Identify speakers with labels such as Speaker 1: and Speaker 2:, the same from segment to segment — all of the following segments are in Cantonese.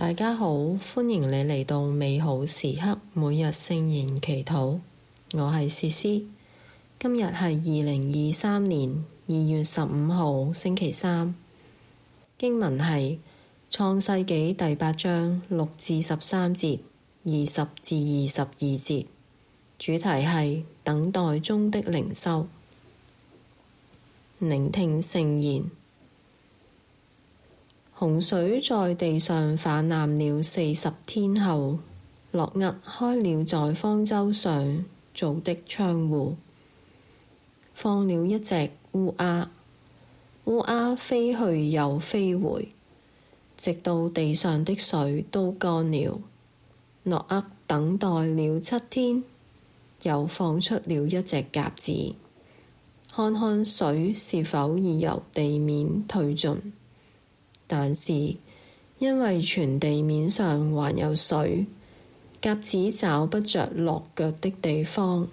Speaker 1: 大家好，歡迎你嚟到美好時刻每日聖言祈禱，我係詩詩。今日係二零二三年二月十五號星期三，經文係創世紀第八章六至十三節二十至二十二節，主題係等待中的靈修，聆聽聖言。洪水在地上氾濫了四十天後，諾厄開了在方舟上做的窗戶，放了一隻烏鴉。烏鴉飛去又飛回，直到地上的水都乾了。諾厄等待了七天，又放出了一隻鴿子，看看水是否已由地面退盡。但是，因為全地面上還有水，鴿子找不著落腳的地方，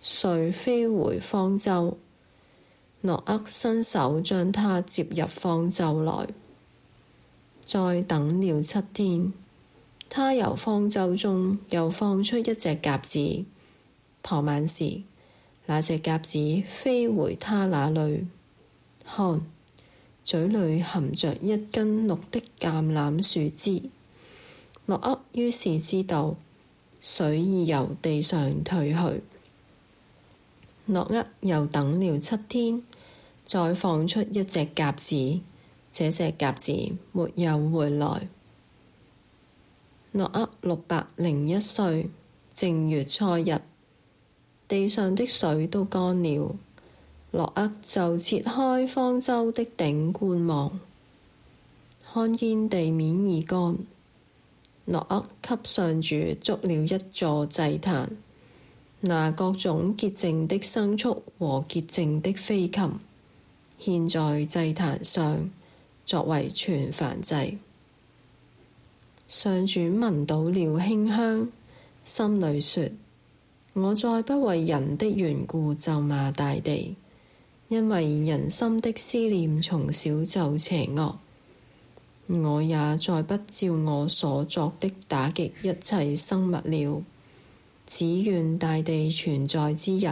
Speaker 1: 遂飛回方舟。諾厄伸手將它接入方舟內，再等了七天。他由方舟中又放出一隻鴿子。傍晚時，那隻鴿子飛回他那裏，看，嘴裏含着一根綠的橄欖樹枝，諾厄於是知道水已由地上退去。諾厄又等了七天，再放出一隻鴿子，這隻鴿子沒有回來。諾厄六百零一歲，正月初一，地上的水都乾了。諾厄就撤開方舟的頂觀望，看見地面已乾。諾厄給上主築了一座祭壇，拿各種潔淨的牲畜和潔淨的飛禽獻在祭壇上，作為全燔祭。上主聞到了馨香，心裏說：我再不為人的緣故咒罵大地。因為人心的思念從小就邪惡，我也再不照我所作的打擊一切生物了。只願大地存在之日，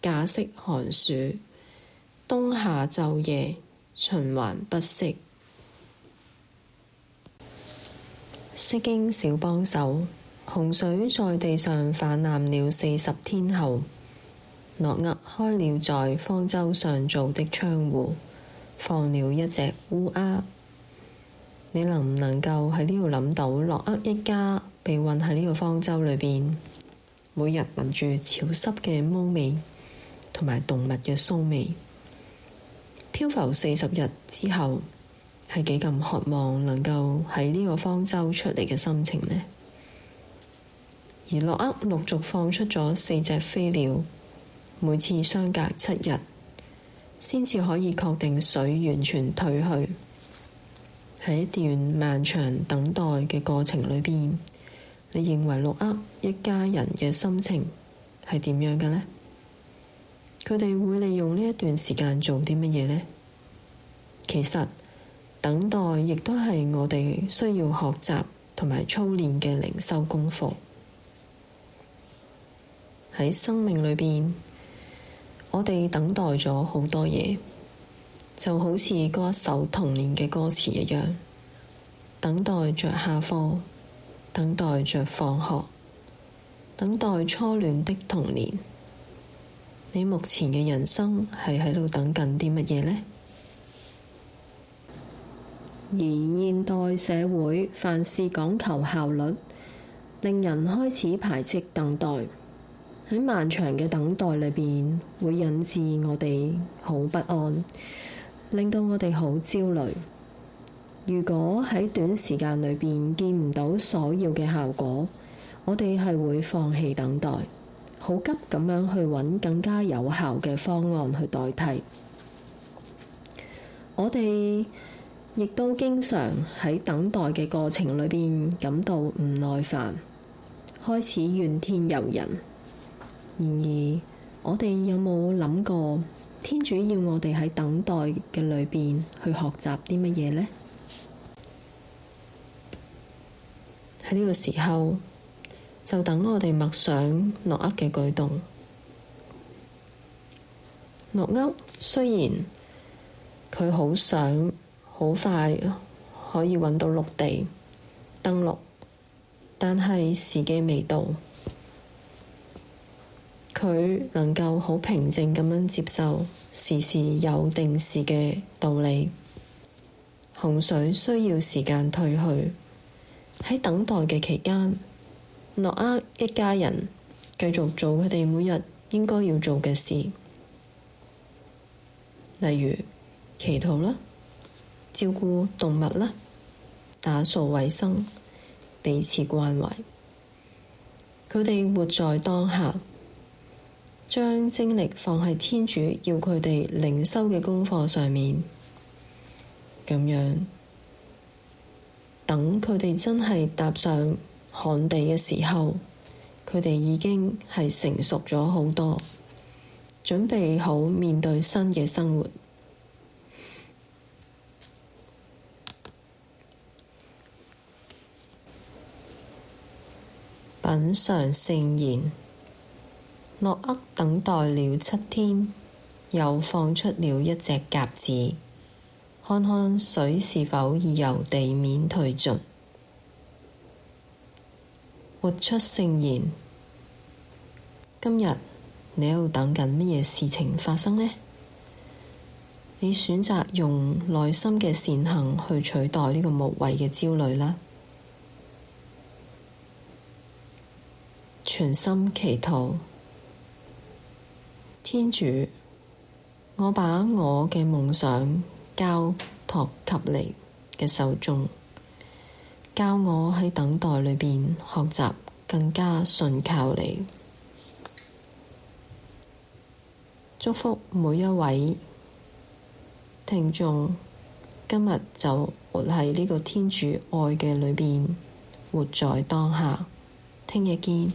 Speaker 1: 稼穡寒暑，冬夏晝夜，循環不息。釋經小幫手，洪水在地上氾濫了四十天後。諾厄開了在方舟上做的窗戶，放了一隻烏鴉。你能唔能夠喺呢度諗到諾厄一家被困喺呢個方舟裏邊，每日聞住潮濕嘅霉味同埋動物嘅騷味，漂浮四十日之後，係幾咁渴望能夠喺呢個方舟出嚟嘅心情呢？而諾厄陸續放出咗四隻飛鳥。每次相隔七日，先至可以確定水完全退去。喺一段漫長等待嘅過程裏邊，你認為諾厄一家人嘅心情係點樣嘅呢？佢哋會利用呢一段時間做啲乜嘢呢？其實等待亦都係我哋需要學習同埋操練嘅靈修功課。喺生命裏邊。我哋等待咗好多嘢，就好似嗰一首童年嘅歌詞一樣，等待着下課，等待着放學，等待初戀的童年。你目前嘅人生係喺度等緊啲乜嘢咧？而現代社會凡事講求效率，令人開始排斥等待。喺漫長嘅等待裏邊，會引致我哋好不安，令到我哋好焦慮。如果喺短時間裏邊見唔到所要嘅效果，我哋係會放棄等待，好急咁樣去揾更加有效嘅方案去代替。我哋亦都經常喺等待嘅過程裏邊感到唔耐煩，開始怨天尤人。然而，我哋有冇諗過天主要我哋喺等待嘅裏邊去學習啲乜嘢呢？喺呢個時候，就等我哋默想諾厄嘅舉動。諾厄雖然佢好想好快可以搵到陸地登陸，但係時機未到。佢能夠好平靜咁樣接受時時有定時嘅道理。洪水需要時間退去，喺等待嘅期間，諾厄一家人繼續做佢哋每日應該要做嘅事，例如祈禱啦、照顧動物啦、打掃衛生、彼此關懷。佢哋活在當下。將精力放喺天主要佢哋靈修嘅功課上面，咁樣等佢哋真係踏上旱地嘅時候，佢哋已經係成熟咗好多，準備好面對新嘅生活，品嘗聖言。諾厄等待了七天，又放出了一隻鴿子，看看水是否已由地面退盡。活出聖言，今日你又等緊乜嘢事情發生呢？你選擇用耐心嘅善行去取代呢個無謂嘅焦慮啦，全心祈禱。天主，我把我嘅夢想交託給你嘅手中，教我喺等待裏邊學習更加信靠你。祝福每一位聽眾，今日就活喺呢個天主愛嘅裏邊，活在當下。聽日見。